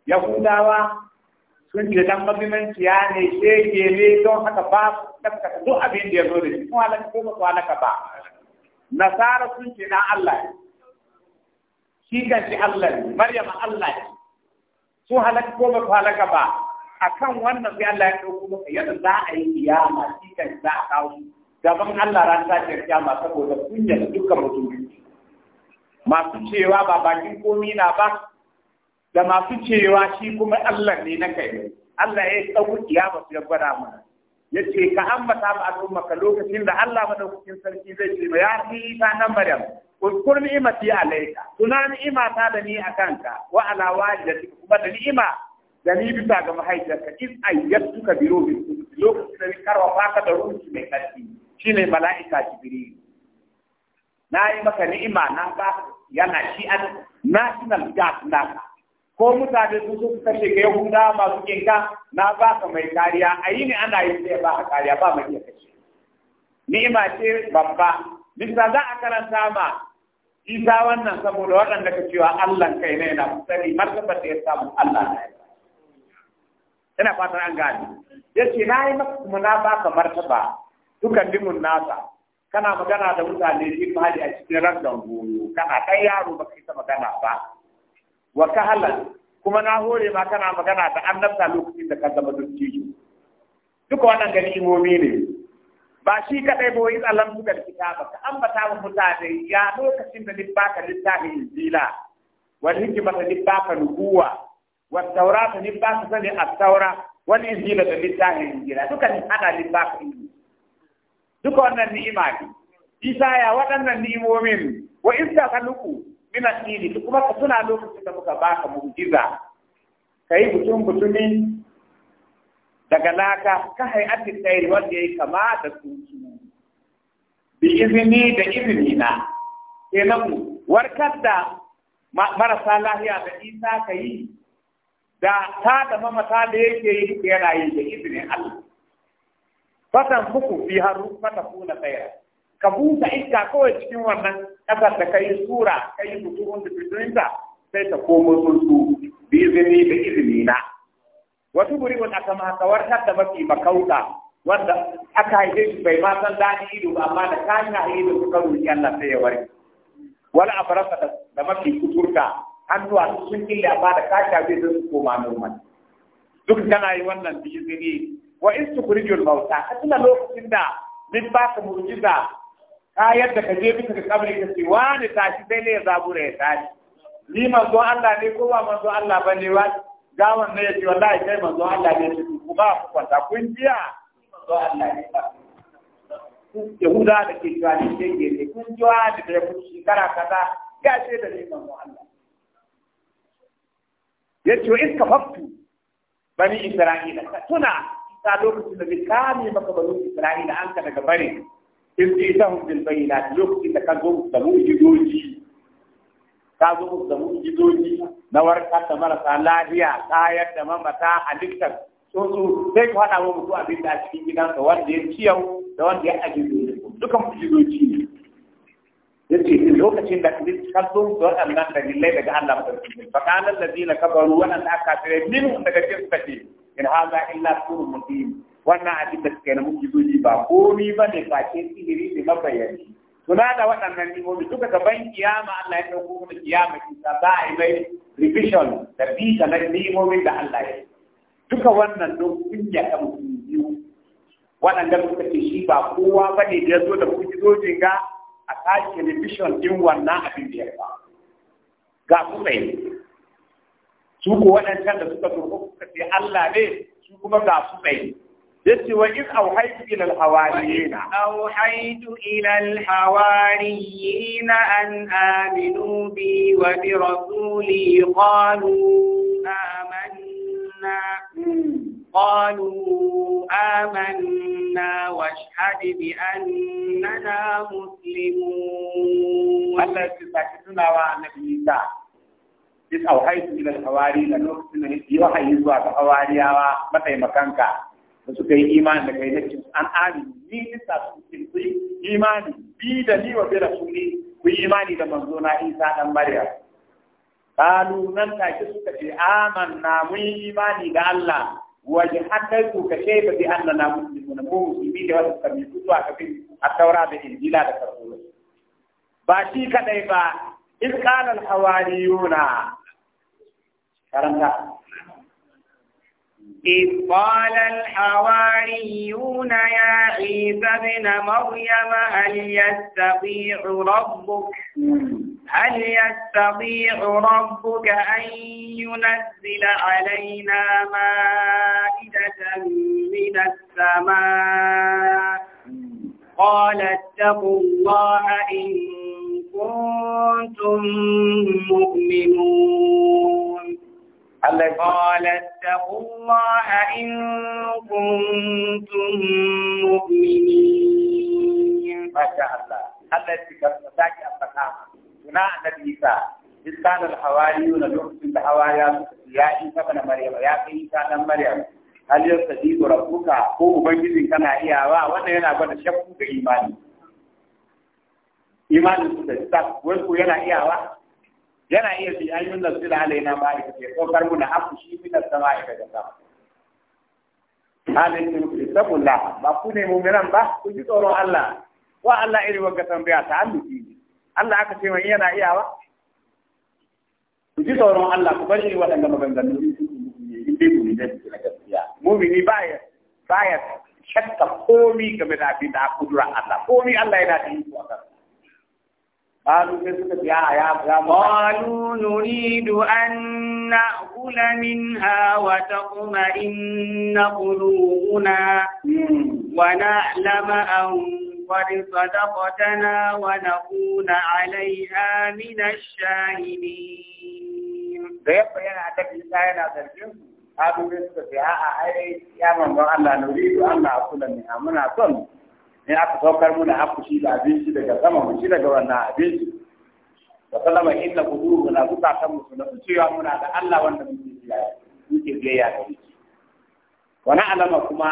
Yahudawa sun ce dan mabimanci ya ne shege ne don haka ba su tabbata duk abin da ya zo da shi kuma halaka ko ba su halaka ba Nasara sun ce na Allah shi kan shi Allah ne Maryam Allah ne sun halaka ko ba su halaka ba akan wannan sai Allah ya ɗauko maka yadda za a yi kiyama shi kan za a kawo gaban Allah ran ta kiyama saboda kunyar dukkan mutum masu cewa ba bakin komi na ba da masu cewa shi kuma Allah ne na kai Allah ya ɗauko kiyama su ya gwada mana ce ka ambata ba al'umma ka lokacin da Allah madaukakin sarki zai ce ya fi ta nan Maryam kurkur ni'imati alayka tunan ni'imata da ni akanka wa ala walidati kuma da ni'ima da ni bisa ga mahaifiyarka in ayyatuka bi ruhin qudus lokacin da ni karwa ka da ruhi mai karfi shine mala'ika jibril na yi maka ni'ima na ba yana shi an national gas na ko mutane sun so su kashe ga yahuda masu kinka na ba ka mai kariya a yi ne ana yin sai ba kariya ba mai iya kashe ni'ima ce babba bisa za a karanta ma isa wannan saboda waɗanda ka cewa Allah kai ne na sani martabar da ya samu Allah na ya Yana fatan an gane yace na yi maka kuma na baka martaba dukan dimun nasa kana magana da mutane shi hali a cikin rangan goyo kana kai yaro baka isa magana ba wa halal kuma na hore ma kana magana da annabta lokacin da ka zama dukkiyu duka wannan imomi ne ba shi kadai ba wai tsallan suka da kitaba ka ambata wa mutane ya lokacin da littafin wani injila wal hikmata ka nubuwa wa taurata ni ba su sani a Saura wani injila da littafin injila duka ni hada ni ba su injila duka wannan ni'ima ne isa ya waɗannan ni'imomin wa isa ka luku min asiri kuma ka suna lokacin da muka baka mu'jiza kai butun butumi daga laka ka hay'atin tsairi wanda yayi kama da tsuntsu bi izini da izini na kenan da marasa lafiya da isa ka yi da ta da mamata da yake yi yana yi da izinin Allah fatan muku fi haru fata kuna tsayar ka busa iska kawai cikin wannan ƙasar da ka yi sura ka yi mutuwan da fitoninta sai ta komo sulhu da izini da izini na wasu guri wanda aka makawar da mafi makauta wanda aka haife shi bai ma san daɗi ido ba amma da kanya yi da suka roƙi Allah sai ya ware. wani abarasa da mafi kuturta hannuwa sun kille ba da kaka bai zai su koma normal duk kana yi wannan bijiri wa in su jul mauta ka tuna lokacin da min ba ka mu'jiza ka yadda ka je bisa ga kabri ka ce wani tashi sai ne ya zabura ya tashi ni manzo Allah ne ko ba manzo Allah ba ne wani gawan ne ya ce wallahi kai manzo Allah ne ce ku ba ku kwanta kun jiya manzo Allah ne ba Yahuda da ke jiwa ne ke gere kun jiwa da ya kuci shekara kaza ya ce da ni manzo Allah ya ce wa iska haftu bani isra'ila ka tuna ta lokacin da bai kame maka bani isra'ila an ka daga bare in ji ta hujjin bayyana lokacin da ka zo da mu'jizoji ka zo da mu'jizoji na warkar da marasa lafiya kayar da mamata halittar tsotso sai ka haɗa wa mutu abin da a cikin gidansa wanda ya ciyau da wanda ya ajiye dukan mu'jizoji ne yace lokacin da kin kazo don da dalilai daga Allah madaukakin fa kana allazina kafaru wa an tare min daga cikin kace in haza illa surun mutim wannan abin da suka na muke ji ba ni ba ne ke sihiri ne mabayani tuna da waɗannan nimomi duka ban kiyama Allah ya dauko mu kiyama kisa ba a yi mai revision da bita na min da Allah ya duka wannan don ya ta mutum biyu waɗanda suka ce shi ba kowa ba ne da ya zo da mujizojin ga a sake revision din wannan abin da ya fa ga ku tsaye su ko waɗancan da suka turbo suka ce Allah ne su kuma ga su tsaye yace wa in auhaytu ila al-hawariyin auhaytu ila al an aminu bi wa bi rasuli qalu amanna hmm. قالوا آمنا واشهد بأننا مسلمون الله يتساكتنا ونبي إيسا إذ أوحيت إلى الحواري لنوكسنا يوحي يزوى الحواري متى مكانك da suka yi imani da kai nake an ami ni nisa su ce ku bi da ni wa bi rasuli ku yi imani da manzo Isa dan Maryam kalu nan take suka ce amanna mun imani da Allah waje hakai su ka shaida bi annana muslimuna mu musulmi da wasu kamin kutu kafin at-taura da injila da tarhuru ba shi kadai ba in kana hawariyuna karanta إذ قال الحواريون يا عيسى ابن مريم هل يستطيع ربك هل يستطيع ربك أن ينزل علينا مائدة من السماء قال اتقوا الله إن كنتم مؤمنون قال اتقوا الله إن كنتم مؤمنين ما شاء الله الله يتكلم ساكي أبقى na annabi isa in kana hawari na lokacin da hawari ya suka ya in saba na maryam ya kai ta dan maryam hal ya sadi rabbuka ko ubangiji kana iya wa wannan yana gwada shakku ga imani imani da ta wai ko yana iya wa yana iya bi ayyun nazila alaina ba ita ke ko karbu na aku shi min as-sama'i ka jaka hal in tuqul la ba kune mu'minan ba ku ji tsoron Allah wa Allah iri wa tambaya biya ta alluki Allah aka ce mai yana iyawa ku ji tsoron Allah ku bar irin waɗanda maganganu in dai mu ne na gaskiya mumini baya baya shakka komi game da abin da kudura Allah komi Allah yana da iko akan قالوا نريد أن نأكل منها وتطمئن قلوبنا ونعلم أن قد صدقتنا ونكون عليها من الشاهدين da yana ta yana zargin ya Allah a ne aka saukar muna shi da abinci daga sama mu ci daga wannan abinci inna zukatan cewa muna da Allah wanda muke biya muke biya da shi wa kuma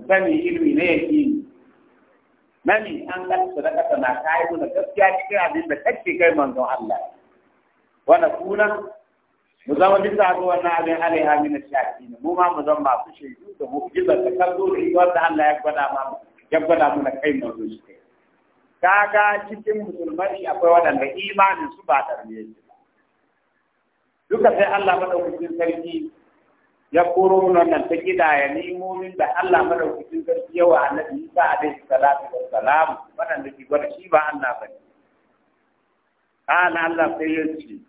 mu ilmi ne nani an ga sadaka tana kai mun gaskiya cikin abin da kake kai manzon Allah wanda kuna mu zama bisa ga wannan abin alaiha min shakin mu ma mu zama masu shaidu da mu mu'jiza ta kallo da wanda Allah ya gwada ma ya gwada mu na kai manzon shi Ka kaga cikin musulmai akwai waɗanda imanin su ba tarbiyyar duka sai Allah madaukakin sarki يقولون أن تجد يعني مؤمن بالله مرة وتجد يو أن النبي عليه السلام والسلام من الذي قال شيء عن نبي قال الله سيدي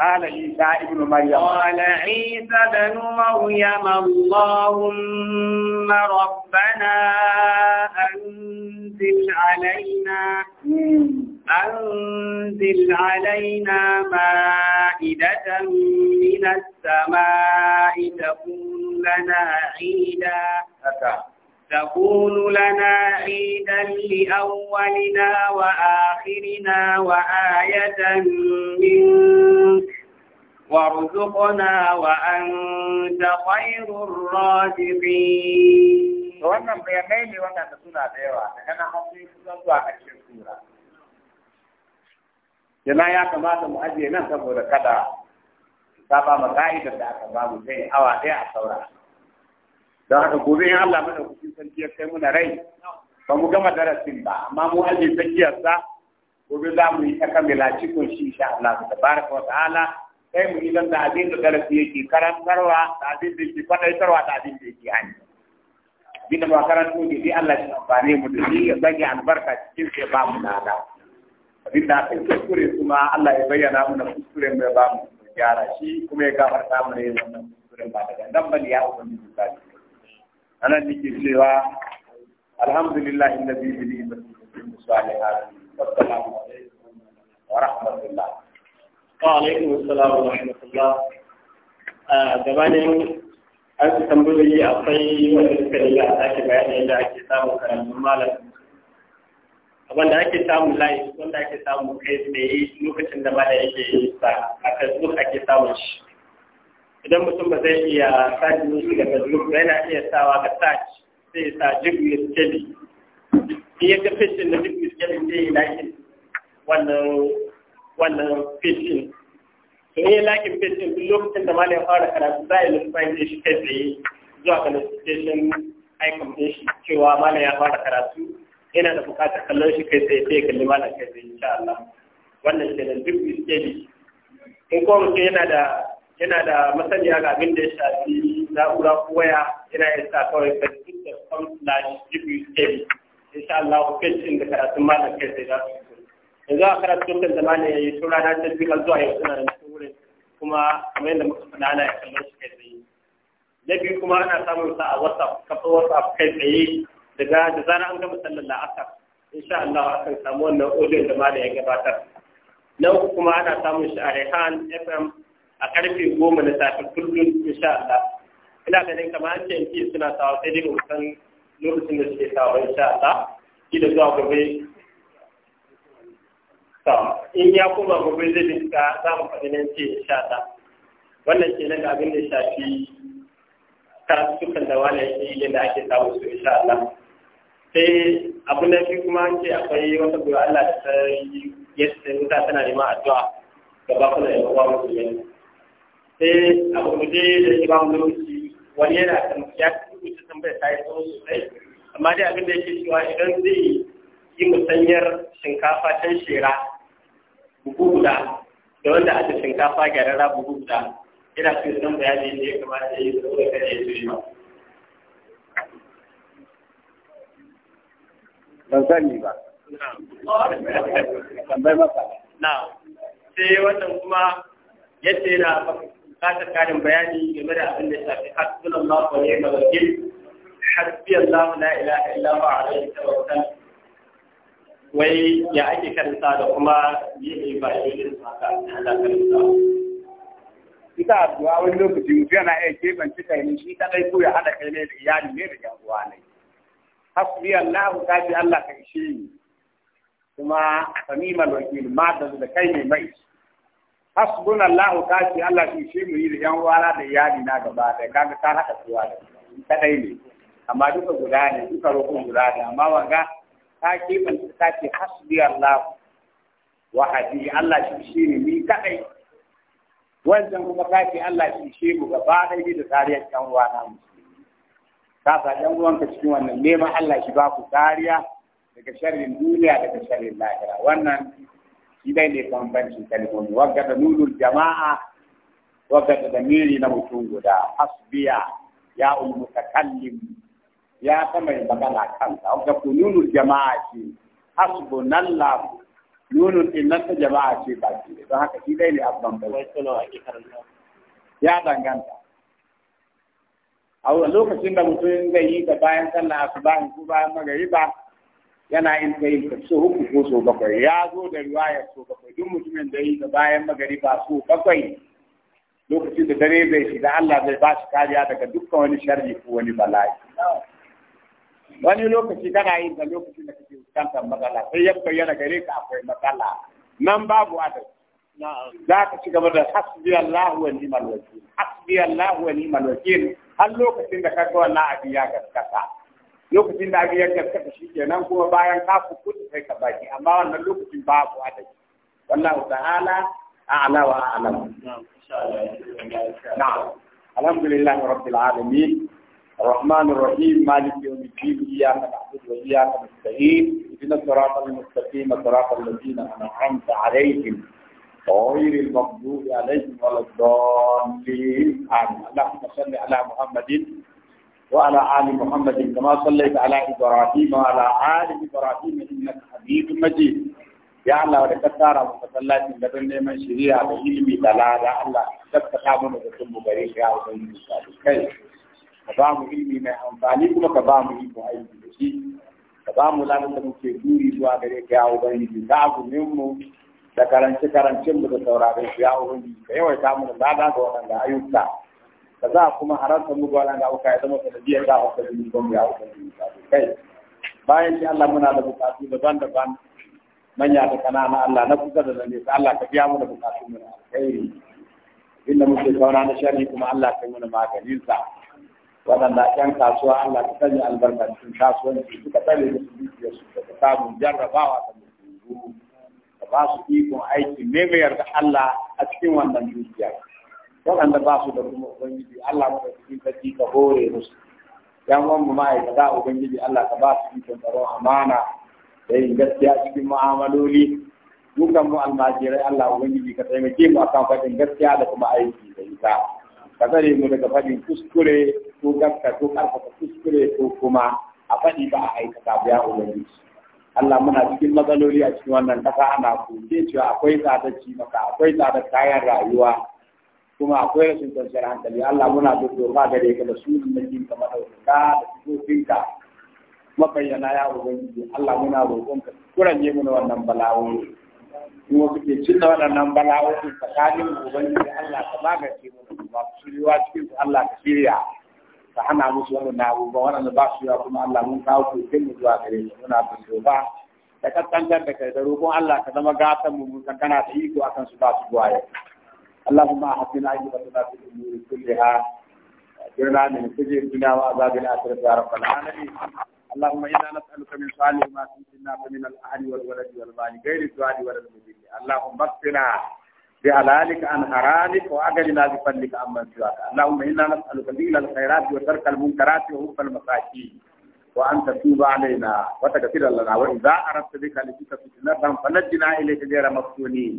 قال عيسى ابن مريم قال عيسى بن مريم اللهم ربنا أنزل علينا أنزل علينا مائدة من السماء تكون لنا عيدا تكون لنا عيدا لأولنا وآخرنا وآية منك وارزقنا وأنت خير الرازقين wannan bayanai ne waɗanda suna da yawa daga na hannun kusan zuwa cikin sura. Yana ya kamata mu ajiye nan saboda kada saba ma ka'idar da aka babu sai awa ɗaya a saura don haka gobe in Allah mana kuɗin sarki ya kai muna rai ba mu gama darasin ba amma mu aje tsakiyarsa gobe za mu yi ta kamila cikin shi insha Allah baraka wa ta'ala sai mu yi dan da abin da darasi yake karantarwa da abin da yake faɗaitarwa da abin da yake hanyar. bi da makarantu ne bi Allah shi amfani mu da shi ya zage albarka cikin sai ba mu nada abin da aka kuskure kuma Allah ya bayyana mana kuskure mai ba mu gyara shi kuma ya gafarta mana yin wannan kuskuren ba daga nan bane ya ubangi misali ana nake cewa alhamdulillah alladhi bi ni'matihi salihat wassalamu alaikum wa rahmatullah wa alaikum assalam wa rahmatullah gabanin an tambayoyi akwai wanda suka yi a sake bayani da ake samun karatun malam wanda ake samun live wanda ake samu kai tsaye lokacin da mala yake yi sa a facebook ake samun shi idan mutum ba zai iya sa shi ga facebook ba yana iya sawa ga search sai sa jibril kelly in ya ga fashin da jibril kelly zai yi lakin wannan wannan fashin to in ya lakin fashin duk lokacin da mala ya fara karatu za a yi lissafin da shi kai tsaye zuwa ga notification icon ɗin shi cewa mala ya fara karatu ina da bukatar kallon shi kai sai sai kalli malam kai sai insha Allah wannan ke kenan duk iskeli in ko mutum yana da yana da masaniya ga abin da ya shafi na'ura ko waya yana yin sa kawai ka dukkan da kwam slash duk iskeli insha Allah kai cin da karatun malam kai sai za su yanzu a karatun da malam ya yi tun rana ta biyu zuwa yau suna da wurin kuma kamar yadda muka faɗa ana kallon shi kai sai na biyu kuma ana samun sa a whatsapp kafin whatsapp kai tsaye daga da na an gama sallar la'asar insha Allah aka samu wannan audio da da ya gabatar na uku kuma ana samun shi a Rehan FM a karfe goma na safe kullum insha Allah ina ganin kamar an ce in suna sawa sai dai san lokacin da suke sawa insha Allah shi da zuwa gobe in ya koma gobe zai bincika za mu faɗi nan ce insha Allah wannan ke nan abin da shafi sukan da wani yake yi ake samu su insha Allah sai abu na shi kuma ce akwai wata gobe Allah da ta yi yadda wuta tana neman addu'a ga bakuna kuwa uwa yanzu sai abu guje da shi ba mu lokaci wani yana kan ya rubuta tambayar ta yi tsawo sosai amma dai abin da yake cewa idan zai yi musanyar shinkafa can shera bugu guda da wanda aka shinkafa gyararra bugu guda yana so zan bayani ne ya kamata ya yi saboda kada ya yi ba ban sani ba tambayi masa na sai wannan kuma yadda yana bukatar karin bayani game da abin da shafi hasbunallahu wa ni'mal wakil hasbi Allah la ilaha illa huwa alayhi tawakkal wai ya ake karanta da kuma yi ibadodin saka ka Allah karanta ita addu'a wani lokaci mutum yana iya keɓance kai ne shi ta ko ya hada kai ne da iyali ne da yan uwa ne hasbi Allah ta ji Allah ka shi kuma samimal wakil ma da da kai ne mai hasbun Allah ta ji Allah ka ishe mu yi da yan wara da yadi na gaba da kaga ta haka tuwa da kadai ne amma duka guda ne duka rokon guda ne amma wanga ka kiman ta ce hasbi Allah hadi Allah shi shi ne ni kadai wancan kuma ka ce Allah shi shi mu gaba da da tariyar kan wana mu ka ɗan ruwanka cikin wannan neman Allah shi ba ku kariya daga sharrin duniya daga sharrin lahira wannan shi dai ne bambancin kalmomi wagga da nunul jama'a wagga da damiri na mutum guda hasbiya ya ulmutakallim ya ta mai magana kansa wagga ku nunul jama'a ce hasbunallahu nunun din nan ta jama'a ce ba ce don haka shi dai ne abban bai ya danganta a lokacin da mutum zai yi da bayan sallah asubahin su bayan magariba yana in ta yin so uku ko so bakwai ya zo da riwaya so bakwai duk mutumin da yi da bayan magariba so bakwai lokacin da dare zai shiga Allah zai ba shi kariya daga dukkan wani sharri ko wani bala'i wani lokaci kana yin da lokacin da kake fuskantar matsala sai ya bayyana gare ka akwai matsala nan babu adalci za ka ci gaba da hasbi Allah wa ni'mal wakil har hasbi Allah wa ni'mal wakil har lokacin da ka ga wannan abu ya gaskata lokacin da abu ya gaskata shikenan kuma bayan ka ku kuɗi sai ka baki amma wannan lokacin ba ku adadi wallahu ta'ala a'la wa a'lam na'am alhamdulillah rabbil alamin الرحمن الرحيم مالك يوم الدين اياك نعبد واياك نستعين اهدنا الصراط المستقيم صراط الذين انعمت عليهم غير المغضوب عليهم ولا الضالين آمين اللهم صل على محمد وعلى آل محمد كما صليت على إبراهيم وعلى آل إبراهيم إنك حميد مجيد يا الله ولقد ترى متصلات لدن من شريعة علم دلالة الله تفتح من وتم بريك يا وسيد الصالحين كبام علمي ما أنفعني كما كبام علمي أيدي ka ba mu lamun da muke duri zuwa gare ka ya ubangiji ka abu mu da karanci karancin mu da saurare shi ya ubangi ka ta mu da lada ga da ayyuka da za kuma haranta mu ga waɗanda abuka ya zama sanadiyar da aka yi ban ya ubangi kai bayan shi Allah muna da bukatu daban-daban manya da kanana Allah na kusa da na ne Allah ka biya mu da bukatu mu kai inda muke kauna na sharri kuma Allah ka yi mana maganin sa waɗanda ƴan kasuwa Allah ka sanya albarkacin kasuwanci suka tsare da su dukiyar su samun jarrabawa da mutum ba su ikon aiki mamayar da Allah a cikin wannan dukiya waɗanda ba su da kuma ubangiji Allah ba su yi tafi ka hore musu ya uwan mu ma'aikata ubangiji Allah ka ba su ikon tsaro amana da yin gaskiya cikin mu'amaloli dukan mu almajirai Allah ubangiji ka taimake mu akan faɗin gaskiya da kuma aiki da ita ka tsare mu daga faɗin kuskure ko gaskata ko karfafa kuskure ko kuma a faɗi ba a aikata ba ya ubangiji Allah muna cikin matsaloli a cikin wannan ƙasa ana kuce cewa akwai tsadar maka akwai tsadar kayan rayuwa kuma akwai rashin kwanciyar hankali Allah muna ba gare ka da sunan nabi ka madaukaka da sifofinka mabayyana ya ubangiji Allah muna roƙon ka kuranye mana wannan bala'o'i in wasu ke cinna waɗannan bala'o'i tsakanin ubangiji Allah ka magance mana ba masu shiriwa cikin Allah ka shirya ka hana musu wannan abubuwa wannan ba su yawa kuma Allah mun kawo ku kin zuwa gare shi muna bin ba da kaskantar da kai da roƙon Allah ka zama gatan mu mun kana da iko akan su ba su zuwa yau اللهم احسن عاقبتنا في الامور كلها اجرنا من خزي الدنيا وعذاب الاخره يا رب العالمين اللهم انا نسالك من صالح ما كنت لنا فمن الاهل والولد والمال غير الزواج ولا المدين اللهم اغفر بحلالك عن حرامك وأجلنا بفضلك عمن سواك اللهم إنا نسألك ذيل الخيرات وترك المنكرات وحب المساكين وأن تتوب علينا وتغفر لنا وإذا أردت بك لتلك فتنتهم فنجنا إليك غير مفتونين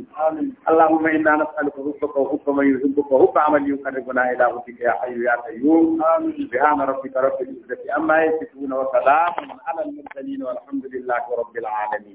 اللهم إنا نسألك حبك وحب من يحبك وحب عمل يقربنا إلى حبك يا حي يا قيوم سبحان ربك رب العزة عما يصفون وسلام على المرسلين والحمد لله رب العالمين